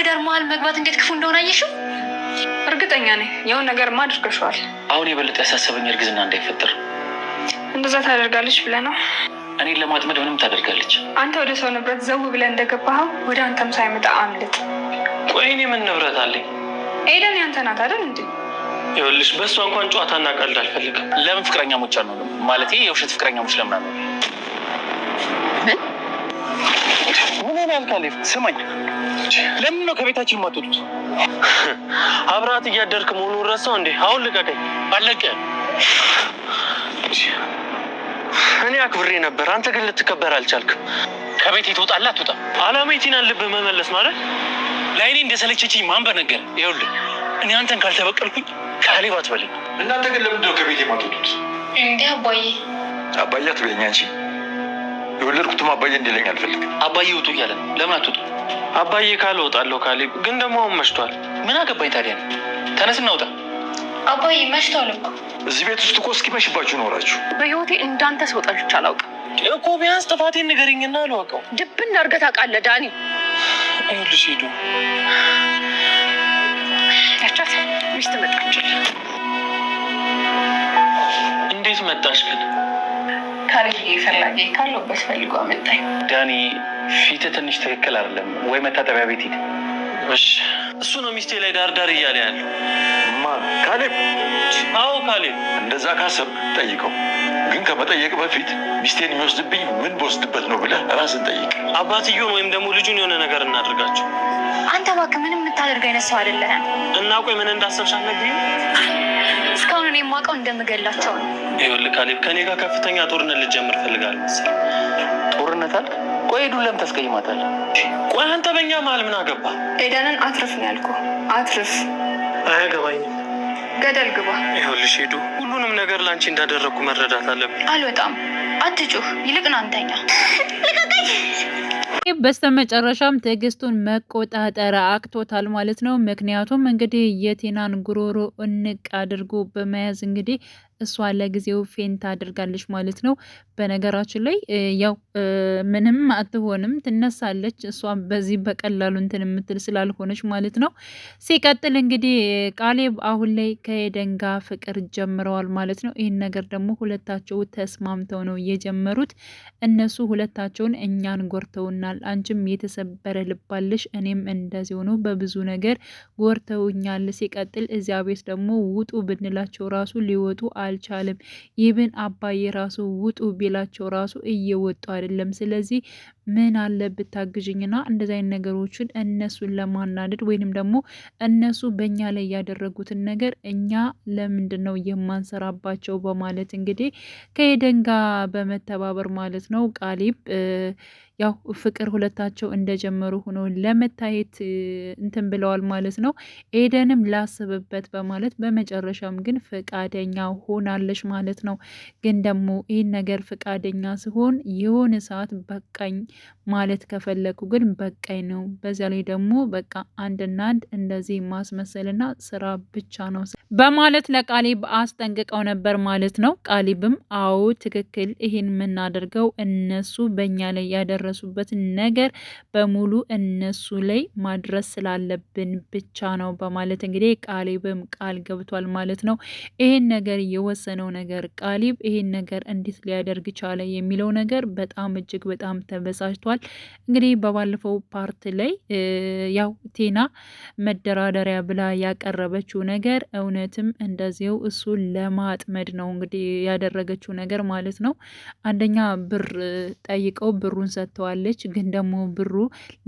በትዳር መሀል መግባት እንዴት ክፉ እንደሆነ አየሽው? እርግጠኛ ነኝ የሆነ ነገር አድርገሽዋል። አሁን የበለጠ ያሳሰበኝ እርግዝና እንዳይፈጠር። እንደዛ ታደርጋለች ብለህ ነው? እኔን ለማጥመድ ምንም ታደርጋለች። አንተ ወደ ሰው ንብረት ዘው ብለህ እንደገባኸው ወደ አንተም ሳይመጣ አምልጥ። ቆይ እኔ ምን ንብረት አለኝ? ኤደን ያንተ ናት አይደል እንዴ? ይኸውልሽ በእሷ እንኳን ጨዋታና ቀልድ አልፈልግም። ለምን ሞች አንሆንም? ማለት የውሸት ሞች ለምን አንሆንም? ምን ያልካል? ስማኝ፣ ለምን ነው ከቤታችን የማትወጡት? አብረሃት እያደርክ መሆኑን ረሳው እንዴ? አሁን ልቀቀኝ። አለቀ። እኔ አክብሬ ነበር፣ አንተ ግን ልትከበር አልቻልክም። ከቤት ትወጣላ አትወጣም? አላማ የቲናን ልብ መመለስ ማለት ለአይኔ እንደሰለቸችኝ ማን በነገር። ይኸውልህ እኔ አንተን ካልተበቀልኩኝ ካሌብ አትበለኝ። እናንተ ግን ለምንድነው ከቤት የማትወጡት? እንዲህ አባዬ አባያት አትበለኝ አንቺ የወለድኩትም አባዬ እንዲለኝ አልፈልግም። አባዬ ውጡ እያለ ነው። ለምን አትወጡ? አባዬ ካልወጣለሁ። ካሌብ ግን ደግሞ አሁን መሽቷል። ምን አገባኝ ታዲያ? ተነስ እናውጣ። አባዬ መሽቷል እኮ። እዚህ ቤት ውስጥ እኮ እስኪመሽባችሁ ኖራችሁ። በህይወቴ እንዳንተ ሰው ጠልቼ አላውቅም እኮ። ቢያንስ ጥፋቴን ንገረኝና አልዋቀው። ድብን አድርገህ ታውቃለህ ዳኒ። ይኸውልሽ ሂዱ ያቻት ሚስት መጣችል። እንዴት መጣሽ ግን? ጥንካሬ ብዬ ፈላጊ ካለበት ፈልጎ አመጣኝ። ዳኒ ፊት ትንሽ ትክክል አይደለም ወይ መታጠቢያ ቤት ሂድ። እሺ እሱ ነው ሚስቴ ላይ ዳርዳር እያለ ያለው ማ ካሌብ? አዎ ካሌብ። እንደዛ ካሰብ ጠይቀው፣ ግን ከመጠየቅ በፊት ሚስቴን የሚወስድብኝ ምን በወስድበት ነው ብለህ ራስን ጠይቅ። አባትዮን ወይም ደግሞ ልጁን የሆነ ነገር እናድርጋቸው። አንተ እባክህ ምንም የምታደርግ አይነት ሰው አይደለህም። እና ቆይ ምን እንዳሰብሽ አልነግሪኝም እስካሁን እኔ የማውቀው እንደምገላቸው ነው። ይኸውልህ ካሌብ፣ ከኔ ጋር ከፍተኛ ጦርነት ልጀምር እፈልጋለሁ መሰለኝ። ጦርነት አለ? ቆይ ሄዱን ለምን ታስቀይማታለህ? ቆይ አንተ በእኛ መሀል ምን አገባ? ኤደንን አትርፍ ነው ያልኩህ። አትርፍ። አያገባኝም። ገደል ግባ። ይኸውልሽ ሄዱ፣ ሁሉንም ነገር ለአንቺ እንዳደረግኩ መረዳት አለብኝ። አልወጣም አትጩህ፣ ይልቅ ና እንተኛ። በስተመጨረሻም ትዕግስቱን መቆጣጠር አቅቶታል ማለት ነው። ምክንያቱም እንግዲህ የቴናን ጉሮሮ እንቅ አድርጎ በመያዝ እንግዲህ እሷ ለጊዜው ፌንት አድርጋለች ማለት ነው። በነገራችን ላይ ያው ምንም አትሆንም ትነሳለች። እሷ በዚህ በቀላሉ እንትን የምትል ስላልሆነች ማለት ነው። ሲቀጥል እንግዲህ ቃሌብ አሁን ላይ ከኤደን ጋር ፍቅር ጀምረዋል ማለት ነው። ይህን ነገር ደግሞ ሁለታቸው ተስማምተው ነው የጀመሩት። እነሱ ሁለታቸውን እኛን ጎርተውናል፣ አንቺም የተሰበረ ልባለሽ፣ እኔም እንደዚ ሆኖ በብዙ ነገር ጎርተውኛል። ሲቀጥል እዚያ ቤት ደግሞ ውጡ ብንላቸው ራሱ ሊወጡ አ አልቻለም። ይብን አባዬ ራሱ ውጡ ቢላቸው ራሱ እየወጡ አይደለም። ስለዚህ ምን አለ ብታግዥኝና እንደዚ አይነት ነገሮችን እነሱን ለማናደድ ወይንም ደግሞ እነሱ በእኛ ላይ ያደረጉትን ነገር እኛ ለምንድን ነው የማንሰራባቸው በማለት እንግዲህ ከደንጋ ጋር በመተባበር ማለት ነው ቃሊብ ያው ፍቅር ሁለታቸው እንደጀመሩ ሆኖ ለመታየት እንትን ብለዋል ማለት ነው። ኤደንም ላስብበት በማለት በመጨረሻም ግን ፍቃደኛ ሆናለች ማለት ነው። ግን ደግሞ ይህን ነገር ፍቃደኛ ሲሆን የሆነ ሰዓት በቃኝ ማለት ከፈለጉ ግን በቃኝ ነው። በዚያ ላይ ደግሞ በቃ አንድና አንድ እንደዚህ ማስመሰልና ስራ ብቻ ነው በማለት ለቃሊብ አስጠንቅቀው ነበር ማለት ነው። ቃሊብም አዎ ትክክል፣ ይህን የምናደርገው እነሱ በእኛ ላይ ያደረ የደረሱበትን ነገር በሙሉ እነሱ ላይ ማድረስ ስላለብን ብቻ ነው በማለት እንግዲህ ቃሊብም ቃል ገብቷል ማለት ነው። ይሄን ነገር የወሰነው ነገር ቃሊብ ይሄን ነገር እንዴት ሊያደርግ ቻለ የሚለው ነገር በጣም እጅግ በጣም ተበሳጭቷል። እንግዲህ በባለፈው ፓርት ላይ ያው ቴና መደራደሪያ ብላ ያቀረበችው ነገር እውነትም እንደዚው እሱ ለማጥመድ ነው እንግዲህ ያደረገችው ነገር ማለት ነው። አንደኛ ብር ጠይቀው ብሩን ሰጥተው ሰጥተዋለች። ግን ደግሞ ብሩ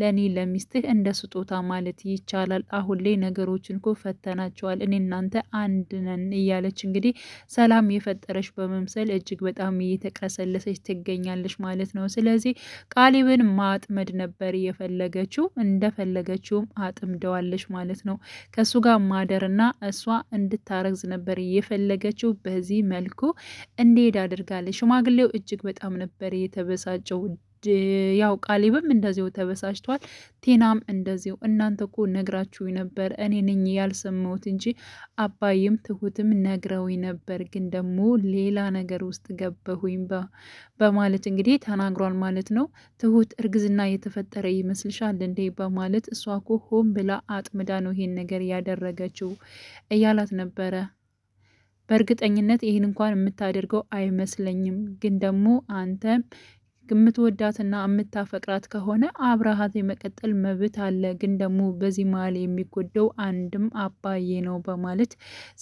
ለእኔ ለሚስትህ እንደ ስጦታ ማለት ይቻላል። አሁን ላይ ነገሮችን እኮ ፈተናቸዋል። እኔ እናንተ አንድ ነን እያለች እንግዲህ ሰላም የፈጠረች በመምሰል እጅግ በጣም እየተቀሰለሰች ትገኛለች ማለት ነው። ስለዚህ ቃሊብን ማጥመድ ነበር እየፈለገችው እንደፈለገችውም አጥምደዋለች ማለት ነው። ከእሱ ጋር ማደርና እሷ እንድታረግዝ ነበር እየፈለገችው በዚህ መልኩ እንዲሄድ አድርጋለች። ሽማግሌው እጅግ በጣም ነበር የተበሳጨው። ያው ቃሊብም እንደዚው ተበሳጭቷል። ቴናም እንደዚው እናንተ እኮ ነግራችሁ ነበር እኔ ነኝ ያልሰማሁት እንጂ አባይም ትሁትም ነግረው ነበር፣ ግን ደግሞ ሌላ ነገር ውስጥ ገበሁኝ በማለት እንግዲህ ተናግሯል ማለት ነው። ትሁት እርግዝና የተፈጠረ ይመስልሻል እንዴ በማለት እሷ እኮ ሆን ብላ አጥምዳ ነው ይሄን ነገር ያደረገችው እያላት ነበረ። በእርግጠኝነት ይህን እንኳን የምታደርገው አይመስለኝም፣ ግን ደግሞ አንተ የምትወዳትና የምታፈቅራት ከሆነ አብረሃት የመቀጠል መብት አለ። ግን ደግሞ በዚህ መሀል የሚጎደው አንድም አባዬ ነው በማለት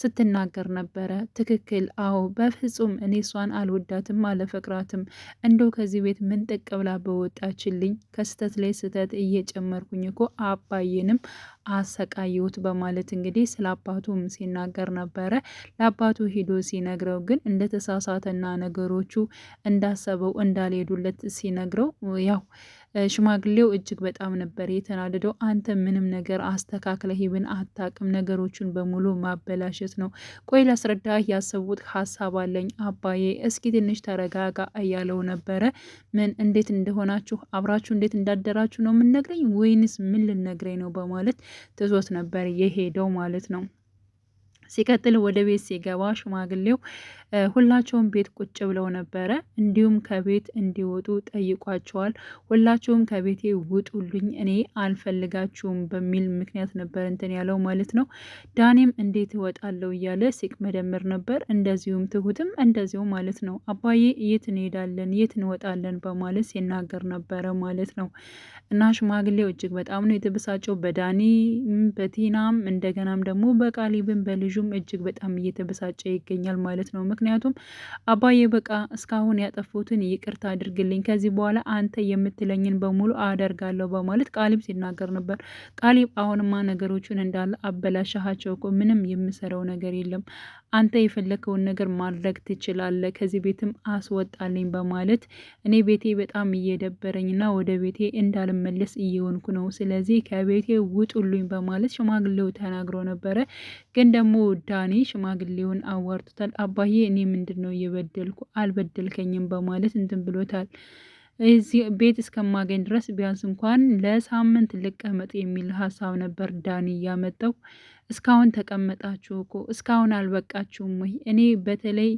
ስትናገር ነበረ። ትክክል፣ አዎ፣ በፍጹም እኔ እሷን አልወዳትም አለፈቅራትም። እንደው ከዚህ ቤት ምን ጥቅ ብላ በወጣችልኝ ከስተት ላይ ስተት እየጨመርኩኝ እኮ አባዬንም አሰቃየሁት በማለት እንግዲህ ስለ አባቱም ሲናገር ነበረ። ለአባቱ ሂዶ ሲነግረው ግን እንደተሳሳተና ነገሮቹ እንዳሰበው እንዳልሄዱለት እንዳለበት ሲነግረው ያው ሽማግሌው እጅግ በጣም ነበር የተናደደው። አንተ ምንም ነገር አስተካክለህ ሄብን አታቅም፣ ነገሮችን በሙሉ ማበላሸት ነው። ቆይ ላስረዳህ ያሰቡት ሀሳብ አለኝ አባዬ፣ እስኪ ትንሽ ተረጋጋ እያለው ነበረ። ምን እንዴት እንደሆናችሁ አብራችሁ እንዴት እንዳደራችሁ ነው የምንነግረኝ ወይንስ ምን ልነግረኝ ነው? በማለት ትቶት ነበር የሄደው ማለት ነው። ሲቀጥል ወደ ቤት ሲገባ ሽማግሌው ሁላቸውም ቤት ቁጭ ብለው ነበረ። እንዲሁም ከቤት እንዲወጡ ጠይቋቸዋል። ሁላቸውም ከቤቴ ውጡልኝ፣ እኔ አልፈልጋችሁም በሚል ምክንያት ነበር እንትን ያለው ማለት ነው። ዳኔም እንዴት እወጣለሁ እያለ ሲቅ መደምር ነበር። እንደዚሁም ትሁትም እንደዚሁ ማለት ነው። አባዬ የት እንሄዳለን፣ የት እንወጣለን በማለት ሲናገር ነበረ ማለት ነው። እና ሽማግሌው እጅግ በጣም ነው የተበሳጨው በዳኒ በቲናም እንደገናም ደግሞ በቃሊብን በልጁም እጅግ በጣም እየተበሳጨ ይገኛል ማለት ነው። ምክንያቱም አባዬ በቃ እስካሁን ያጠፉትን ይቅርታ አድርግልኝ፣ ከዚህ በኋላ አንተ የምትለኝን በሙሉ አደርጋለሁ በማለት ቃሊብ ሲናገር ነበር። ቃሊብ አሁንማ ነገሮችን እንዳለ አበላሻሃቸው እኮ ምንም የምሰራው ነገር የለም አንተ የፈለከውን ነገር ማድረግ ትችላለህ፣ ከዚህ ቤትም አስወጣልኝ በማለት እኔ ቤቴ በጣም እየደበረኝና ወደ ቤቴ እንዳልመለስ እየሆንኩ ነው፣ ስለዚህ ከቤቴ ውጡልኝ በማለት ሽማግሌው ተናግሮ ነበረ። ግን ደግሞ ዳኒ ሽማግሌውን አዋርቶታል። አባዬ እኔ ምንድን ነው እየበደልኩ አልበደልከኝም በማለት እንትን ብሎታል። እዚህ ቤት እስከማገኝ ድረስ ቢያንስ እንኳን ለሳምንት ልቀመጥ የሚል ሀሳብ ነበር ዳኒ እያመጣው። እስካሁን ተቀመጣችሁ እኮ እስካሁን አልበቃችሁም ወይ? እኔ በተለይ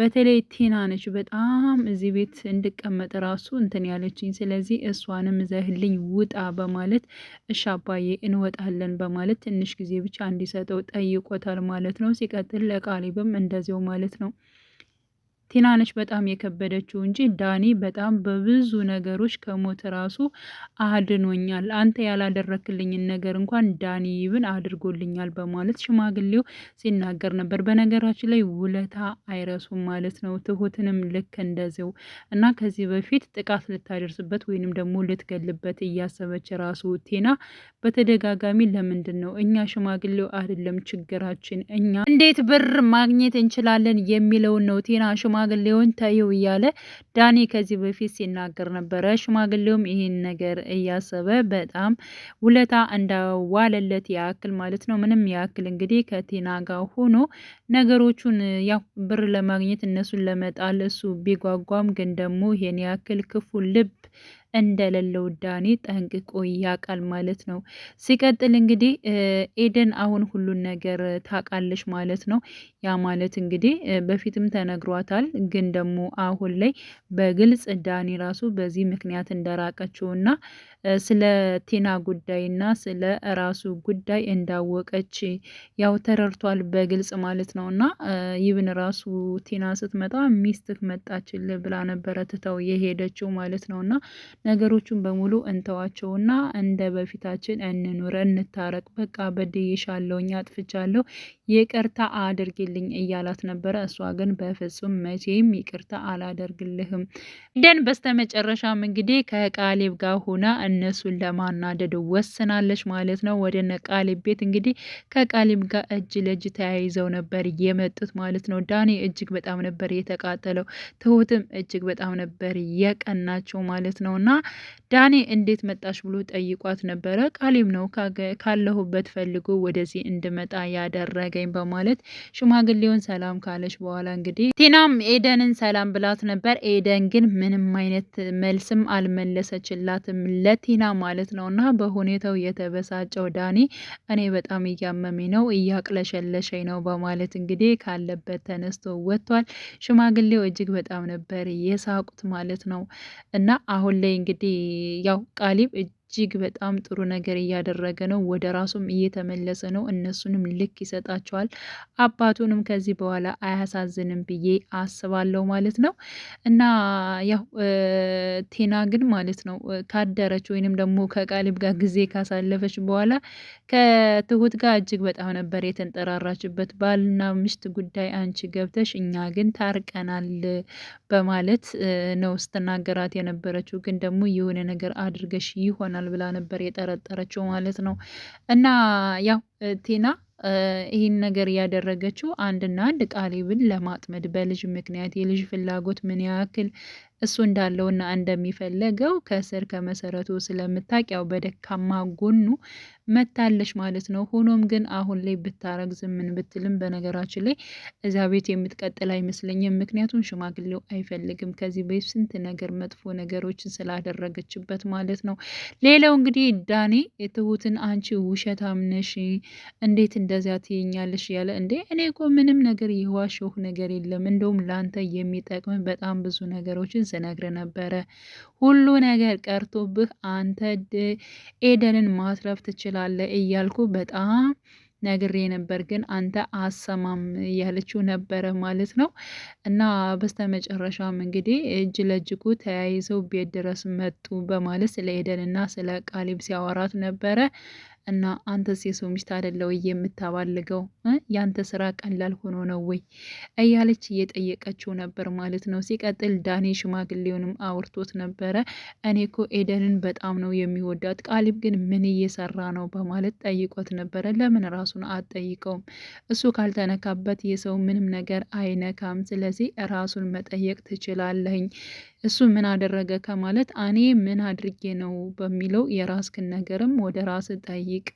በተለይ ቲና ነች በጣም እዚህ ቤት እንድቀመጥ ራሱ እንትን ያለችኝ። ስለዚህ እሷንም ዘህልኝ ውጣ በማለት እሺ አባዬ እንወጣለን በማለት ትንሽ ጊዜ ብቻ እንዲሰጠው ጠይቆታል ማለት ነው። ሲቀጥል ለቃሊብም እንደዚው ማለት ነው። ቲናነች በጣም የከበደችው እንጂ ዳኒ በጣም በብዙ ነገሮች ከሞት ራሱ አድኖኛል። አንተ ያላደረክልኝን ነገር እንኳን ዳኒ ይብን አድርጎልኛል በማለት ሽማግሌው ሲናገር ነበር። በነገራችን ላይ ውለታ አይረሱም ማለት ነው። ትሁትንም ልክ እንደዚው እና ከዚህ በፊት ጥቃት ልታደርስበት ወይንም ደግሞ ልትገልበት እያሰበች ራሱ ቲና በተደጋጋሚ ለምንድን ነው እኛ ሽማግሌው አይደለም ችግራችን እኛ እንዴት ብር ማግኘት እንችላለን የሚለውን ነው ቲና ሽማ ሽማግሌውን ታየው እያለ ዳኒ ከዚህ በፊት ሲናገር ነበረ። ሽማግሌውም ይህን ነገር እያሰበ በጣም ውለታ እንዳዋለለት ያክል ማለት ነው። ምንም ያክል እንግዲህ ከቴናጋ ጋር ሆኖ ነገሮቹን ያው ብር ለማግኘት እነሱን ለመጣል እሱ ቢጓጓም ግን ደግሞ ይሄን ያክል ክፉ ልብ እንደሌለው ዳኒ ጠንቅቆ ያውቃል ማለት ነው። ሲቀጥል እንግዲህ ኤደን አሁን ሁሉን ነገር ታውቃለች ማለት ነው። ያ ማለት እንግዲህ በፊትም ተነግሯታል፣ ግን ደግሞ አሁን ላይ በግልጽ ዳኒ ራሱ በዚህ ምክንያት እንደራቀችውና ስለ ቲና ጉዳይና ስለ ራሱ ጉዳይ እንዳወቀች ያው ተረድቷል በግልጽ ማለት ነው። እና ይብን ራሱ ቲና ስትመጣ ሚስትህ መጣችል ብላ ነበረ ትተው የሄደችው ማለት ነው እና ነገሮቹን በሙሉ እንተዋቸውና እንደ በፊታችን እንኑር፣ እንታረቅ። በቃ በድዬሻለሁኝ፣ አጥፍቻለሁ፣ ይቅርታ አድርግልኝ እያላት ነበረ። እሷ ግን በፍጹም መቼም ይቅርታ አላደርግልህም ደን በስተመጨረሻም እንግዲህ ከቃሌብ ጋር ሆና እነሱን ለማናደድ ወስናለች ማለት ነው። ወደ ቃሌብ ቤት እንግዲህ ከቃሌብ ጋር እጅ ለእጅ ተያይዘው ነበር የመጡት ማለት ነው። ዳኔ እጅግ በጣም ነበር የተቃጠለው፣ ትሁትም እጅግ በጣም ነበር የቀናቸው ማለት እና ዳኔ እንዴት መጣሽ ብሎ ጠይቋት ነበረ። ቃሊም ነው ካለሁበት ፈልጎ ወደዚህ እንድመጣ ያደረገኝ በማለት ሽማግሌውን ሰላም ካለች በኋላ እንግዲህ ቲናም ኤደንን ሰላም ብላት ነበር። ኤደን ግን ምንም አይነት መልስም አልመለሰችላትም ለቲና ማለት ነው። እና በሁኔታው የተበሳጨው ዳኔ እኔ በጣም እያመመኝ ነው፣ እያቅለሸለሸኝ ነው በማለት እንግዲህ ካለበት ተነስቶ ወጥቷል። ሽማግሌው እጅግ በጣም ነበር የሳቁት ማለት ነው እና አሁን ላይ እንግዲህ ያው ቃሊብ እጅግ በጣም ጥሩ ነገር እያደረገ ነው። ወደ ራሱም እየተመለሰ ነው። እነሱንም ልክ ይሰጣቸዋል። አባቱንም ከዚህ በኋላ አያሳዝንም ብዬ አስባለሁ ማለት ነው እና ያው ቴና ግን ማለት ነው ካደረች ወይንም ደግሞ ከቃሊብ ጋር ጊዜ ካሳለፈች በኋላ ከትሁት ጋር እጅግ በጣም ነበር የተንጠራራችበት። ባልና ምሽት ጉዳይ አንቺ ገብተሽ እኛ ግን ታርቀናል በማለት ነው ስትናገራት የነበረችው። ግን ደግሞ የሆነ ነገር አድርገሽ ይሆናል ይሆናል ብላ ነበር የጠረጠረችው ማለት ነው እና ያው ቴና ይህን ነገር ያደረገችው አንድና አንድ ቃሊብን ለማጥመድ በልጅ ምክንያት የልጅ ፍላጎት ምን ያክል እሱ እንዳለውና እንደሚፈለገው ከስር ከመሰረቱ ስለምታቅ ያው በደካማ ጎኑ መታለች ማለት ነው። ሆኖም ግን አሁን ላይ ብታረግዝ ምን ብትልም በነገራችን ላይ እዚያ ቤት የምትቀጥል አይመስለኝም። ምክንያቱም ሽማግሌው አይፈልግም ከዚህ ቤት ስንት ነገር መጥፎ ነገሮችን ስላደረገችበት ማለት ነው። ሌላው እንግዲህ ዳኔ የትሁትን አንቺ ውሸታም ነሽ እንዴት እንደዚያ ትይኛለሽ? እያለ እንዴ እኔ እኮ ምንም ነገር የዋሸሁ ነገር የለም። እንደውም ለአንተ የሚጠቅም በጣም ብዙ ነገሮችን ስነግር ነበረ። ሁሉ ነገር ቀርቶብህ አንተ ኤደንን ማትረፍ ትችላለህ እያልኩ በጣም ነግሬ ነበር ግን አንተ አሰማም እያለችው ነበረ ማለት ነው። እና በስተመጨረሻም እንግዲህ እጅ ለእጅጉ ተያይዘው ቤት ድረስ መጡ በማለት ስለ ኤደንና ስለ ቃሊብ ሲያወራት ነበረ። እና አንተስ የሰው ሚስት አይደለ ወይ የምታባልገው? ያንተ ስራ ቀላል ሆኖ ነው ወይ እያለች እየጠየቀችው ነበር ማለት ነው። ሲቀጥል ዳኔ ሽማግሌውንም አውርቶት ነበረ። እኔ ኮ ኤደንን በጣም ነው የሚወዳት፣ ቃሊብ ግን ምን እየሰራ ነው በማለት ጠይቆት ነበረ። ለምን ራሱን አትጠይቀውም? እሱ ካልተነካበት የሰው ምንም ነገር አይነካም። ስለዚህ ራሱን መጠየቅ ትችላለህኝ እሱ ምን አደረገ ከማለት እኔ ምን አድርጌ ነው በሚለው የራስክን ነገርም ወደ ራስ ጠይቅ፣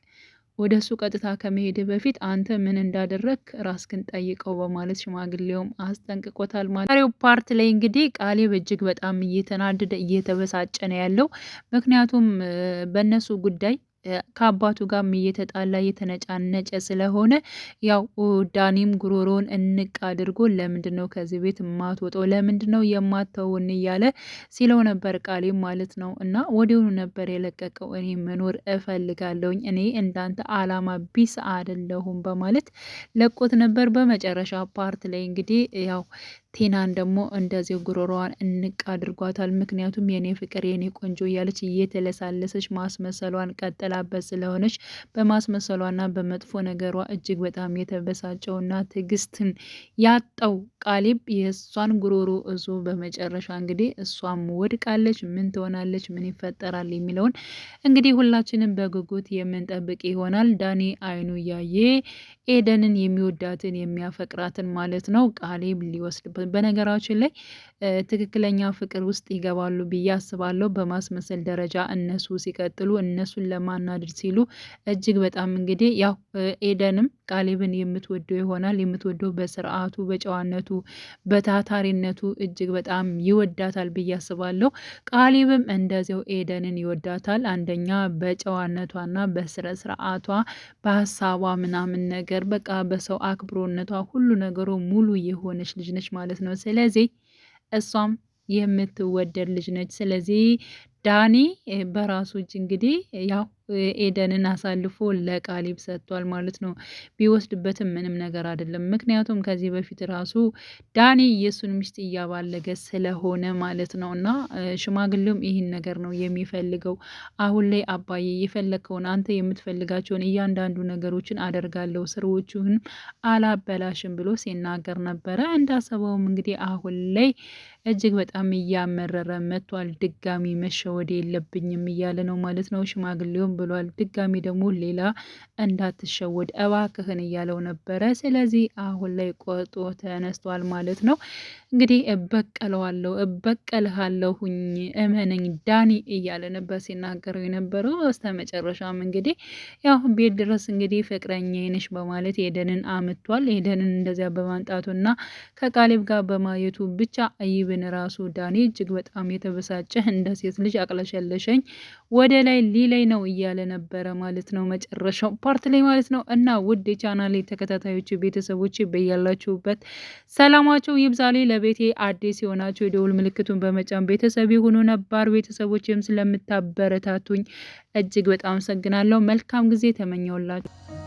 ወደ እሱ ቀጥታ ከመሄድ በፊት አንተ ምን እንዳደረግ ራስክን ጠይቀው በማለት ሽማግሌውም አስጠንቅቆታል። ማለት ዛሬው ፓርት ላይ እንግዲህ ቃሌ በእጅግ በጣም እየተናደደ እየተበሳጨ ነው ያለው። ምክንያቱም በእነሱ ጉዳይ ከአባቱ ጋርም እየተጣላ እየተነጫነጨ ስለሆነ ያው ዳኒም ጉሮሮን እንቅ አድርጎ ለምንድን ነው ከዚህ ቤት የማትወጣው? ለምንድን ነው የማትተውን? እያለ ሲለው ነበር ቃሌም ማለት ነው። እና ወዲሁኑ ነበር የለቀቀው። እኔ መኖር እፈልጋለሁኝ እኔ እንዳንተ አላማ ቢስ አይደለሁም በማለት ለቆት ነበር። በመጨረሻ ፓርት ላይ እንግዲህ ያው ቴናን ደግሞ እንደዚህ ጉሮሮዋን እንቅ አድርጓታል። ምክንያቱም የኔ ፍቅር የኔ ቆንጆ እያለች እየተለሳለሰች ማስመሰሏን ቀጠላበት ስለሆነች በማስመሰሏና በመጥፎ ነገሯ እጅግ በጣም የተበሳጨውና ትዕግስትን ያጣው ቃሊብ የእሷን ጉሮሮ እዞ በመጨረሻ እንግዲህ እሷም ወድቃለች። ምን ትሆናለች? ምን ይፈጠራል? የሚለውን እንግዲህ ሁላችንም በጉጉት የምንጠብቅ ይሆናል። ዳኒ አይኑ እያየ ኤደንን የሚወዳትን የሚያፈቅራትን ማለት ነው ቃሊብ ሊወስድበት በነገራችን ላይ ትክክለኛ ፍቅር ውስጥ ይገባሉ ብዬ አስባለሁ። በማስመሰል ደረጃ እነሱ ሲቀጥሉ እነሱን ለማናደድ ሲሉ እጅግ በጣም እንግዲህ ያው ኤደንም ቃሌብን የምትወደው ይሆናል። የምትወደው በስርዓቱ፣ በጨዋነቱ፣ በታታሪነቱ እጅግ በጣም ይወዳታል ብዬ አስባለሁ። ቃሌብም እንደዚያው ኤደንን ይወዳታል። አንደኛ በጨዋነቷና በስረ ስርዓቷ በሀሳቧ ምናምን ነገር በቃ በሰው አክብሮነቷ ሁሉ ነገሩ ሙሉ የሆነች ልጅ ነች ማለት ማለት ነው። ስለዚህ እሷም የምትወደድ ልጅ ነች። ስለዚህ ዳኒ በራሱ እጅ እንግዲህ ያው ኤደንን አሳልፎ ለቃሊብ ሰጥቷል ማለት ነው። ቢወስድበትም ምንም ነገር አይደለም። ምክንያቱም ከዚህ በፊት ራሱ ዳኒ የእሱን ሚስት እያባለገ ስለሆነ ማለት ነው። እና ሽማግሌውም ይህን ነገር ነው የሚፈልገው። አሁን ላይ አባዬ የፈለግከውን አንተ የምትፈልጋቸውን እያንዳንዱ ነገሮችን አደርጋለሁ፣ ስራዎችህን አላበላሽም ብሎ ሲናገር ነበረ። እንዳሰበውም እንግዲህ አሁን ላይ እጅግ በጣም እያመረረ መጥቷል። ድጋሚ መሸ ወደ የለብኝም እያለ ነው ማለት ነው። ሽማግሌውም ብሏል። ድጋሚ ደግሞ ሌላ እንዳትሸወድ እባክህን እያለው ነበረ። ስለዚህ አሁን ላይ ቆጦ ተነስቷል ማለት ነው። እንግዲህ እበቀለዋለሁ፣ እበቀልሃለሁኝ እመነኝ ዳኒ እያለ ነበር ሲናገረው የነበረው። በስተ መጨረሻም እንግዲህ ያው ቤት ድረስ እንግዲህ ፍቅረኛ ይንሽ በማለት ኤደንን አምቷል። ኤደንን እንደዚያ በማንጣቱና ከቃሌብ ጋር በማየቱ ብቻ አይብን ራሱ ዳኒ እጅግ በጣም የተበሳጨ እንደ ሴት ልጅ እያቅለሸለሸኝ ወደ ላይ ሊላይ ነው እያለ ነበረ ማለት ነው መጨረሻው ፓርት ላይ ማለት ነው። እና ውድ የቻናሌ ተከታታዮች ቤተሰቦች በያላችሁበት ሰላማቸው ይብዛሌ። ለቤቴ አዲስ የሆናቸው የደውል ምልክቱን በመጫን ቤተሰብ የሆኑ ነባር ቤተሰቦችም ስለምታበረታቱኝ እጅግ በጣም አመሰግናለሁ። መልካም ጊዜ ተመኘውላችሁ።